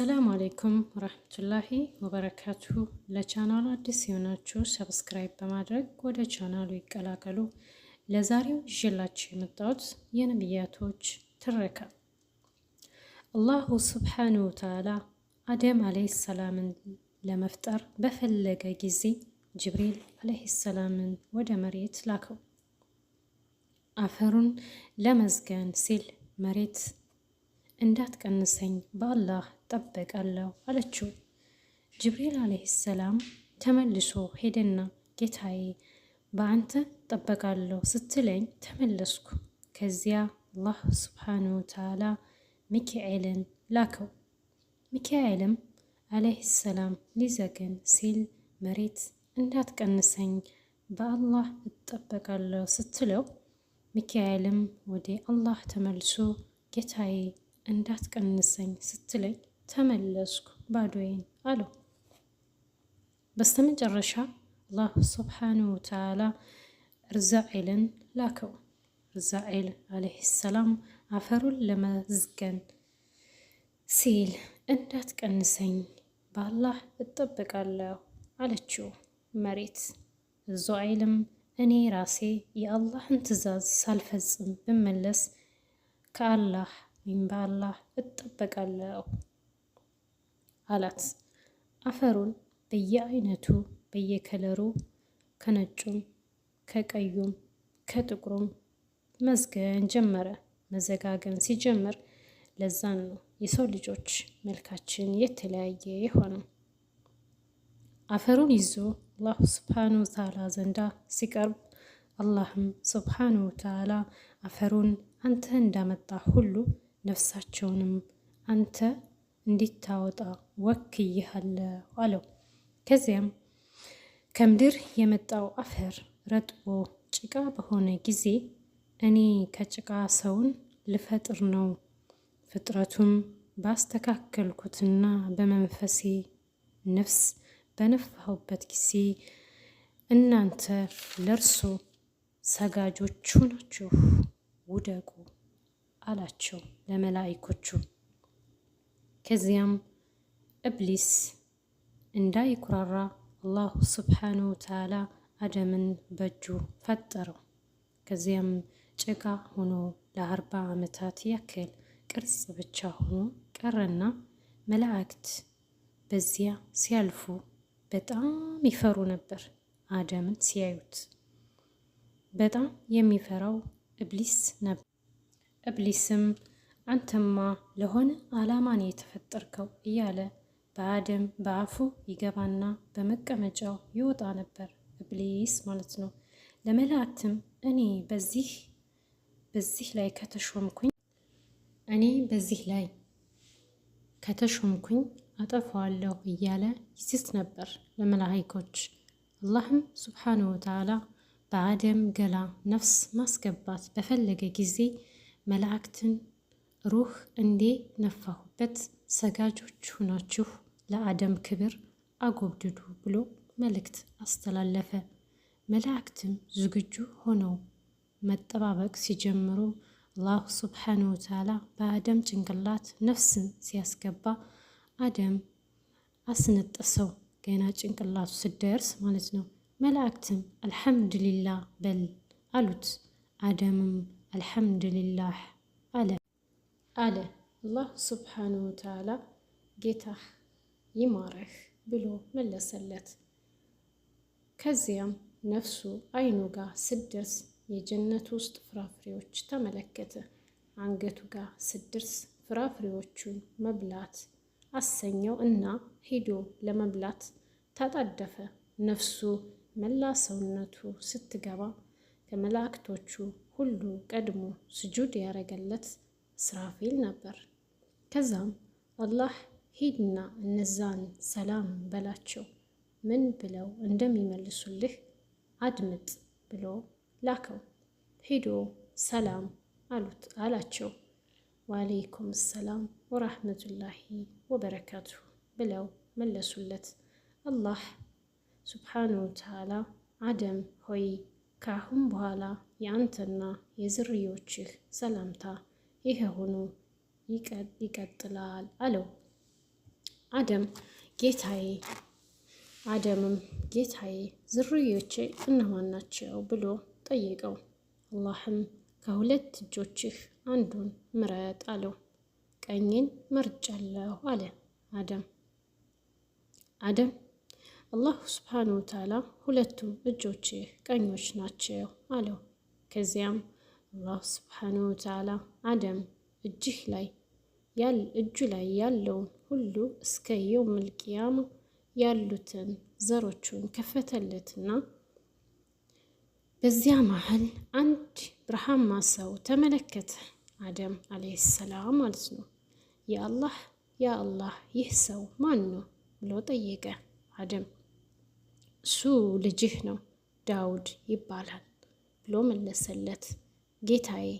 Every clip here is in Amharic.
አሰላሙ አሌይኩም ወረህመቱላሂ ወበረካቱሁ። ለቻናሉ አዲስ የሆናችሁ ሰብስክራይብ በማድረግ ወደ ቻናሉ ይቀላቀሉ። ለዛሬው ይዤላችሁ የመጣሁት የነቢያቶች ትረካ። አላሁ ስብሓነሁ ወተዓላ አደም ዓለይሂ ሰላምን ለመፍጠር በፈለገ ጊዜ ጅብሪል ዓለይሂ ሰላምን ወደ መሬት ላከው። አፈሩን ለመዝገን ሲል መሬት እንዳትቀንሰኝ በአላህ ጠበቃለሁ አለችው። ጅብሪል ዓለይሂ ሰላም ተመልሶ ሄደና ጌታዬ በአንተ እጠበቃለሁ ስትለኝ ተመለስኩ። ከዚያ አላህ ስብሓነሁ ወተዓላ ሚካኤልን ላከው። ሚካኤልም ዓለይሂ ሰላም ሊዘገን ሲል መሬት እንዳትቀንሰኝ በአላህ እጠበቃለሁ ስትለው ሚካኤልም ወደ አላህ ተመልሶ ጌታዬ እንዳትቀንሰኝ ስትለኝ ተመለስኩ ባዶዬን አለው። በስተመጨረሻ አላህ ስብሓነሁ ወተዓላ እርዛኤልን ላከው። እርዛኤል ዓለይሂ ሰላም አፈሩን ለመዝገን ሲል እንዳትቀንሰኝ በአላህ እጠበቃለሁ አለችው መሬት። እዙዓይልም እኔ ራሴ የአላህን ትዕዛዝ ሳልፈጽም ብመለስ ከአላህ ወይም በአላህ እጠበቃለሁ አላት። አፈሩን በየአይነቱ በየከለሩ ከነጩም ከቀዩም ከጥቁሩም መዝገን ጀመረ። መዘጋገን ሲጀምር ለዛን ነው የሰው ልጆች መልካችን የተለያየ የሆነው። አፈሩን ይዞ አላሁ ስብሓን ወተዓላ ዘንዳ ሲቀርብ አላህም ስብሓን ወተዓላ አፈሩን አንተ እንዳመጣ ሁሉ ነፍሳቸውንም አንተ እንዲታወጣ ወክይሃለሁ አለው። ከዚያም ከምድር የመጣው አፈር ረጥቦ ጭቃ በሆነ ጊዜ እኔ ከጭቃ ሰውን ልፈጥር ነው፣ ፍጥረቱም ባስተካከልኩትና በመንፈሴ ነፍስ በነፋሁበት ጊዜ እናንተ ለእርሶ ሰጋጆቹ ናችሁ፣ ውደቁ አላቸው ለመላይኮቹ ከዚያም እብሊስ እንዳይኩራራ አላሁ ስብሓነሁ ወተዓላ አደምን በእጁ ፈጠረው። ከዚያም ጭቃ ሆኖ ለአርባ ዓመታት ያክል ቅርጽ ብቻ ሆኖ ቀረና መላእክት በዚያ ሲያልፉ በጣም ይፈሩ ነበር አደምን ሲያዩት። በጣም የሚፈራው እብሊስ ነበር። እብሊስም አንተማ ለሆነ ዓላማ ነው የተፈጠርከው እያለ በአደም በአፉ ይገባና በመቀመጫው ይወጣ ነበር። እብሊስ ማለት ነው። ለመላእክትም እኔ በዚህ በዚህ ላይ ከተሾምኩኝ እኔ በዚህ ላይ ከተሾምኩኝ አጠፋዋለሁ እያለ ይስት ነበር ለመላእክቶች። አላህም ሱብሓነሁ ወተዓላ በአደም ገላ ነፍስ ማስገባት በፈለገ ጊዜ መላእክትን ሩህ እንዴ ነፋሁበት ሰጋጆች ሁናችሁ ለአደም ክብር አጎብድዱ ብሎ መልእክት አስተላለፈ። መላእክትም ዝግጁ ሆነው መጠባበቅ ሲጀምሩ አላሁ ስብሓነ ወተዓላ በአደም ጭንቅላት ነፍስን ሲያስገባ አደም አስነጠሰው። ገና ጭንቅላቱ ስደርስ ማለት ነው። መላእክትም አልሐምድሊላህ በል አሉት። አደምም አልሐምድሊላህ አለ አላህ ሱብሓነሁ ወተዓላ ጌታህ ይማረህ ብሎ መለሰለት። ከዚያም ነፍሱ አይኑ ጋር ስደርስ የጀነት ውስጥ ፍራፍሬዎች ተመለከተ። አንገቱ ጋር ስደርስ ፍራፍሬዎቹን መብላት አሰኘው እና ሄዶ ለመብላት ታጣደፈ። ነፍሱ መላ ሰውነቱ ስትገባ ከመላእክቶቹ ሁሉ ቀድሞ ስጁድ ያደረገለት ስራፊል ነበር። ከዛም አላህ ሂድና እነዛን ሰላም በላቸው ምን ብለው እንደሚመልሱልህ አድምጥ ብሎ ላከው። ሂዶ ሰላም አሉት አላቸው። ወአለይኩም ሰላም ወራህመቱላሂ ወበረካቱ ብለው መለሱለት። አላህ ሱብሓነሁ ወተዓላ አደም ሆይ ከአሁን በኋላ የአንተና የዝርዮችህ ሰላምታ ይሄ ሆኖ ይቀጥላል አለው። አደም ጌታዬ አደምም ጌታዬ ዝርዮቼ እነማን ናቸው ብሎ ጠየቀው። አላህም ከሁለት እጆችህ አንዱን ምረጥ አለው። ቀኝን መርጫለሁ አለ አደም። አደም አላሁ ስብሓነሁ ወተዓላ ሁለቱም እጆችህ ቀኞች ናቸው አለው። ከዚያም አላህ ስብሓነሁ ወተዓላ አደም እጅህ ላይ እጁ ላይ ያለውን ሁሉ እስከ የውመል ቂያማ ያሉትን ዘሮቹን ከፈተለትና በዚያ መሀል አንድ ብርሃማ ሰው ተመለከተ። አደም አለይሂ ሰላም ማለት ነው። የአላህ ያ ይህ ሰው ማን ነው ብሎ ጠየቀ። አደም እሱ ልጅህ ነው ዳውድ ይባላል ብሎ መለሰለት። ጌታዬ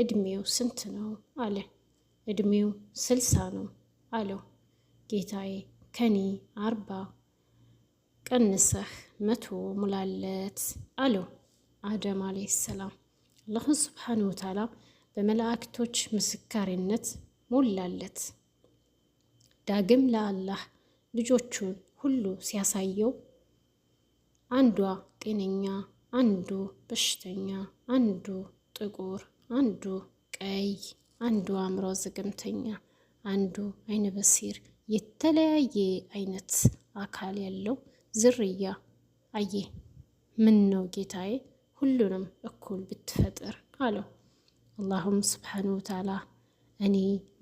እድሜው ስንት ነው አለ። እድሜው ስልሳ ነው አለው። ጌታዬ ከኔ አርባ ቀንሰህ መቶ ሙላለት አለው። አደም አለይሂ ሰላም አላሁ ስብሓን ወተዓላ በመላእክቶች ምስካሪነት ሞላለት። ዳግም ለአላህ ልጆቹን ሁሉ ሲያሳየው አንዷ ጤነኛ፣ አንዱ በሽተኛ፣ አንዱ ጥቁር፣ አንዱ ቀይ፣ አንዱ አእምሮ ዘገምተኛ፣ አንዱ አይነ በሲር የተለያየ አይነት አካል ያለው ዝርያ። አየ ምን ነው ጌታዬ ሁሉንም እኩል ብትፈጥር አለው። አላሁም ስብሓን ወተዓላ እኔ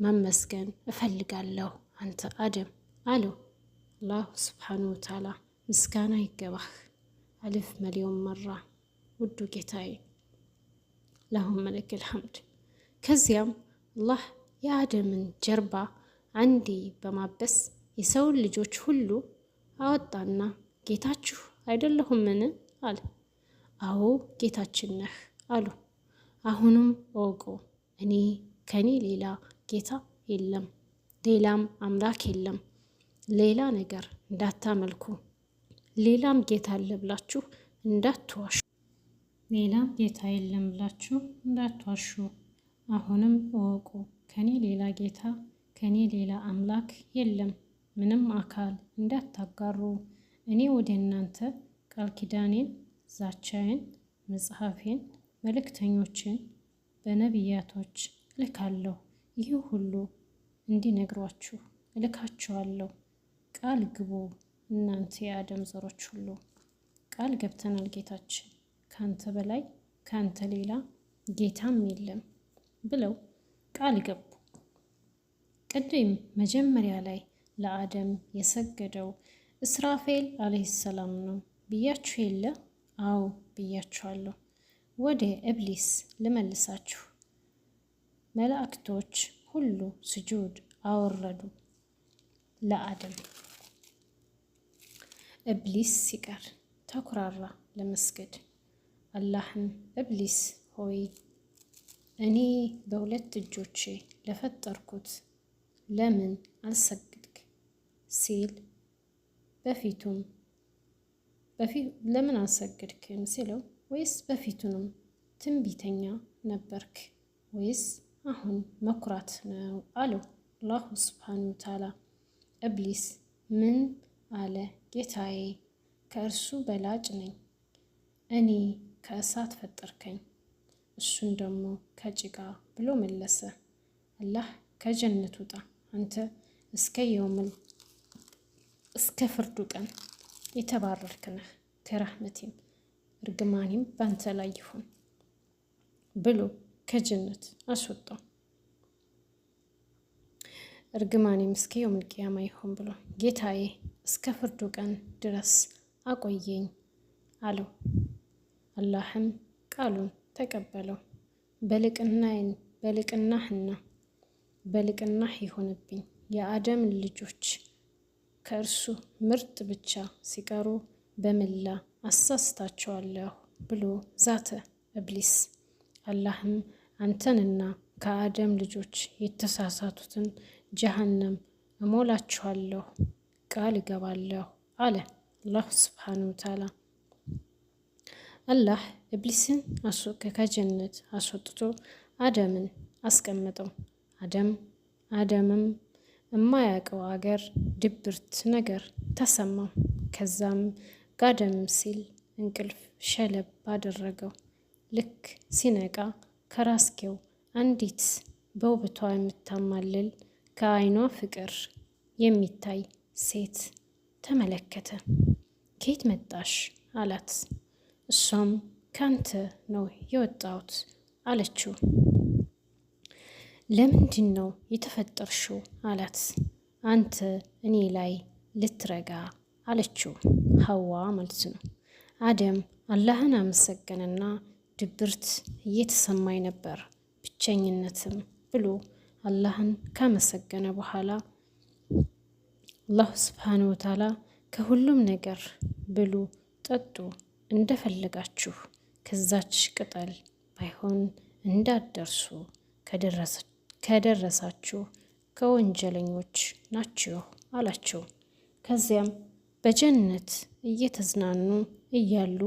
መመስገን እፈልጋለሁ አንተ አደም አለው። አላሁ ስብሓን ወተዓላ ምስጋና ይገባህ አልፍ መሊዮን መራ ውዱ ጌታዬ ለአሁን መለክ ልሐምድ። ከዚያም አላህ የአደምን ጀርባ አንዴ በማበስ የሰውን ልጆች ሁሉ አወጣና ጌታችሁ አይደለሁምን አለ። አዎ ጌታችን ነህ አሉ። አሁንም እወቁ እኔ ከኔ ሌላ ጌታ የለም፣ ሌላም አምላክ የለም። ሌላ ነገር እንዳታመልኩ፣ ሌላም ጌታ አለ ብላችሁ እንዳትዋሹ ሌላ ጌታ የለም ብላችሁ እንዳትዋሹ አሁንም እወቁ። ከኔ ሌላ ጌታ ከኔ ሌላ አምላክ የለም፣ ምንም አካል እንዳታጋሩ። እኔ ወደ እናንተ ቃል ኪዳኔን፣ ዛቻዬን፣ መጽሐፌን፣ መልእክተኞችን በነቢያቶች እልካለሁ። ይህ ሁሉ እንዲነግሯችሁ እልካችኋለሁ። ቃል ግቡ እናንተ የአደም ዘሮች ሁሉ ቃል ገብተናል ጌታችን ከአንተ በላይ ከአንተ ሌላ ጌታም የለም ብለው ቃል ገቡ። ቅድም መጀመሪያ ላይ ለአደም የሰገደው እስራፌል አለይሂ ሰላም ነው ብያችሁ የለ? አዎ ብያችኋለሁ። ወደ እብሊስ ልመልሳችሁ። መላእክቶች ሁሉ ስጁድ አወረዱ ለአደም። እብሊስ ሲቀር ተኩራራ ለመስገድ اللحن إبليس هوي أني دولت جوتشي لفتركت لمن ألسجدك سيل بفيتون بفي لمن ألسجدك مسيلو ويس تم بيتنيا نبرك ويس أهون مكراتنا ألو الله سبحانه وتعالى إبليس من على جيتاي كارسو بلاجني أني ከእሳት ፈጠርከኝ፣ እሱን ደግሞ ከጭቃ ብሎ መለሰ። አላህ ከጀነት ውጣ አንተ እስከ የውምል እስከ ፍርዱ ቀን የተባረርክ ነህ፣ ከራህመቴም እርግማኔም በአንተ ላይ ይሁን ብሎ ከጀነት አስወጣው። እርግማኔም እስከ የውምል ቅያማ ይሁን ብሎ ጌታዬ እስከ ፍርዱ ቀን ድረስ አቆየኝ አለው። አላህም ቃሉን ተቀበለው። በልቅናይን በልቅናህና በልቅናህ ይሆንብኝ የአደም ልጆች ከእርሱ ምርጥ ብቻ ሲቀሩ በምላ አሳስታቸዋለሁ ብሎ ዛተ እብሊስ። አላህም አንተንና ከአደም ልጆች የተሳሳቱትን ጀሀነም እሞላችኋለሁ ቃል እገባለሁ አለ አላሁ ስብሓነሁ ወተዓላ። አላህ እብሊስን ከጀነት አስወጥቶ አደምን አስቀመጠው። አደም አደምም የማያውቀው አገር ድብርት ነገር ተሰማው። ከዛም ጋደም ሲል እንቅልፍ ሸለብ አደረገው። ልክ ሲነቃ ከራስጌው አንዲት በውበቷ የምታማልል ከአይኗ ፍቅር የሚታይ ሴት ተመለከተ። ከየት መጣሽ አላት። እሷም ከአንተ ነው የወጣሁት አለችው። ለምንድን ነው የተፈጠርሽው አላት። አንተ እኔ ላይ ልትረጋ አለችው። ሀዋ ማለት ነው። አደም አላህን አመሰገነና ድብርት እየተሰማኝ ነበር ብቸኝነትም ብሎ አላህን ካመሰገነ በኋላ አላሁ ስብሓን ወተዓላ ከሁሉም ነገር ብሉ፣ ጠጡ እንደፈለጋችሁ ከዛች ቅጠል ባይሆን እንዳደርሱ ከደረሳችሁ ከወንጀለኞች ናችሁ አላቸው። ከዚያም በጀነት እየተዝናኑ እያሉ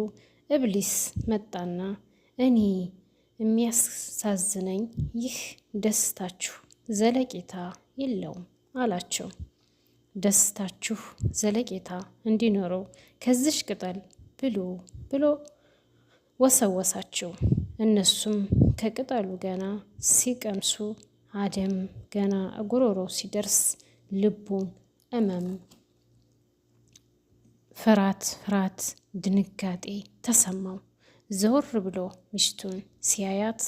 እብሊስ መጣና እኔ የሚያሳዝነኝ ይህ ደስታችሁ ዘለቄታ የለውም አላቸው። ደስታችሁ ዘለቄታ እንዲኖረው ከዚች ቅጠል ብሎ ብሎ ወሰወሳቸው። እነሱም ከቅጠሉ ገና ሲቀምሱ አደም ገና እጉሮሮ ሲደርስ ልቡን እመም፣ ፍራት ፍርሃት ድንጋጤ ተሰማው። ዘወር ብሎ ሚስቱን ሲያያት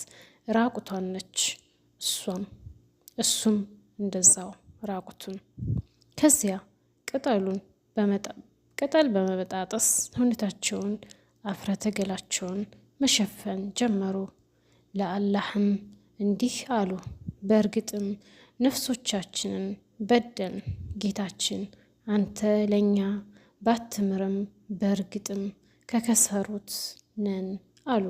ራቁቷን ነች። እሷም እሱም እንደዛው ራቁቱን። ከዚያ ቅጠሉን በመጣ ቅጠል በመበጣጠስ ሰውነታቸውን አፍረተ ገላቸውን መሸፈን ጀመሩ። ለአላህም እንዲህ አሉ፣ በእርግጥም ነፍሶቻችንን በደል ጌታችን አንተ ለእኛ ባትምርም በእርግጥም ከከሰሩት ነን አሉ።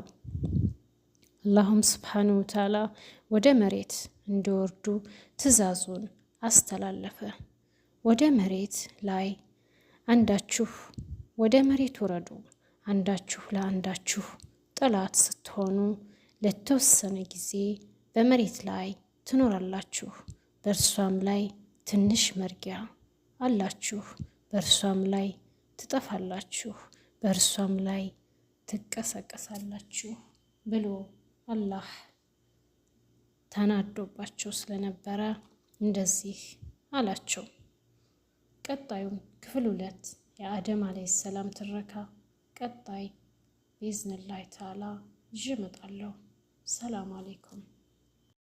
አላሁም ስብሓነሁ ወተዓላ ወደ መሬት እንዲወርዱ ትዕዛዙን አስተላለፈ። ወደ መሬት ላይ አንዳችሁ ወደ መሬት ውረዱ፣ አንዳችሁ ለአንዳችሁ ጠላት ስትሆኑ ለተወሰነ ጊዜ በመሬት ላይ ትኖራላችሁ። በእርሷም ላይ ትንሽ መርጊያ አላችሁ፣ በእርሷም ላይ ትጠፋላችሁ፣ በእርሷም ላይ ትቀሰቀሳላችሁ ብሎ አላህ ተናዶባቸው ስለነበረ እንደዚህ አላቸው። ቀጣዩም ክፍል ሁለት የአደም አለይ ሰላም ትረካ ቀጣይ ቢዝንላህ ተዓላ ይዤ እመጣለሁ። ሰላም አሌይኩም።